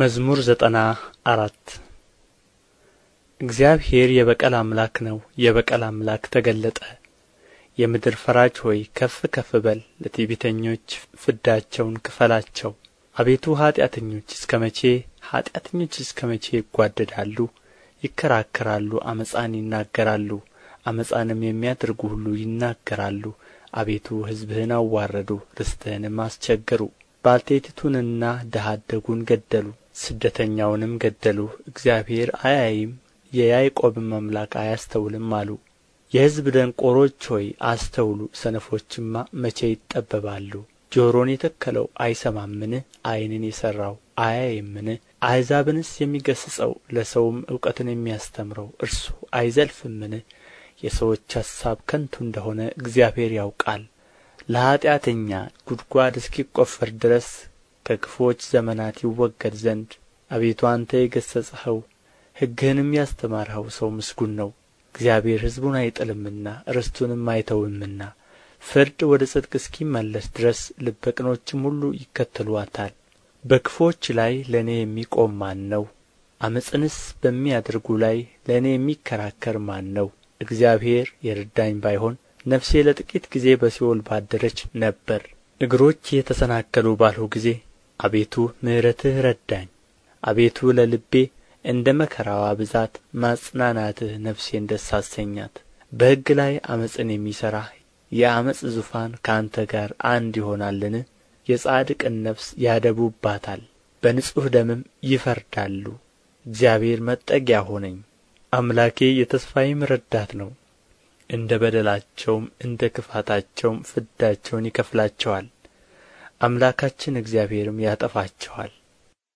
መዝሙር ዘጠና አራት እግዚአብሔር የበቀል አምላክ ነው፣ የበቀል አምላክ ተገለጠ። የምድር ፈራጅ ሆይ ከፍ ከፍ በል፣ ለትዕቢተኞች ፍዳቸውን ክፈላቸው። አቤቱ ኀጢአተኞች እስከ መቼ ኀጢአተኞች እስከ መቼ ይጓደዳሉ? ይከራከራሉ፣ አመፃን ይናገራሉ፣ አመፃንም የሚያደርጉ ሁሉ ይናገራሉ። አቤቱ ሕዝብህን አዋረዱ፣ ርስትህንም አስቸገሩ። ባልቴቲቱንና ድሀ አደጉን ገደሉ ስደተኛውንም ገደሉ እግዚአብሔር አያይም የያዕቆብም አምላክ አያስተውልም አሉ የሕዝብ ደንቆሮች ሆይ አስተውሉ ሰነፎችማ መቼ ይጠበባሉ ጆሮን የተከለው አይሰማምን ዐይንን የሠራው አያይምን አሕዛብንስ የሚገሥጸው ለሰውም እውቀትን የሚያስተምረው እርሱ አይዘልፍምን የሰዎች ሐሳብ ከንቱ እንደሆነ እግዚአብሔር ያውቃል ለኃጢአተኛ ጉድጓድ እስኪቈፈር ድረስ ከክፉዎች ዘመናት ይወገድ ዘንድ አቤቱ አንተ የገሠጽኸው ሕግህንም ያስተማርኸው ሰው ምስጉን ነው። እግዚአብሔር ሕዝቡን አይጥልምና ርስቱንም አይተውምና ፍርድ ወደ ጽድቅ እስኪመለስ ድረስ ልበ ቅኖችም ሁሉ ይከተሏታል። በክፉዎች ላይ ለእኔ የሚቆም ማን ነው? ዓመፅንስ በሚያደርጉ ላይ ለእኔ የሚከራከር ማን ነው? እግዚአብሔር የረዳኝ ባይሆን ነፍሴ ለጥቂት ጊዜ በሲኦል ባደረች ነበር እግሮቼ የተሰናከሉ ባልሁ ጊዜ አቤቱ ምሕረትህ ረዳኝ አቤቱ ለልቤ እንደ መከራዋ ብዛት ማጽናናትህ ነፍሴን ደስ አሰኛት በሕግ ላይ ዓመፅን የሚሠራ የዓመፅ ዙፋን ከአንተ ጋር አንድ ይሆናልን የጻድቅን ነፍስ ያደቡባታል በንጹሕ ደምም ይፈርዳሉ እግዚአብሔር መጠጊያ ሆነኝ አምላኬ የተስፋዬም ረዳት ነው እንደ በደላቸውም እንደ ክፋታቸውም ፍዳቸውን ይከፍላቸዋል አምላካችን እግዚአብሔርም ያጠፋቸዋል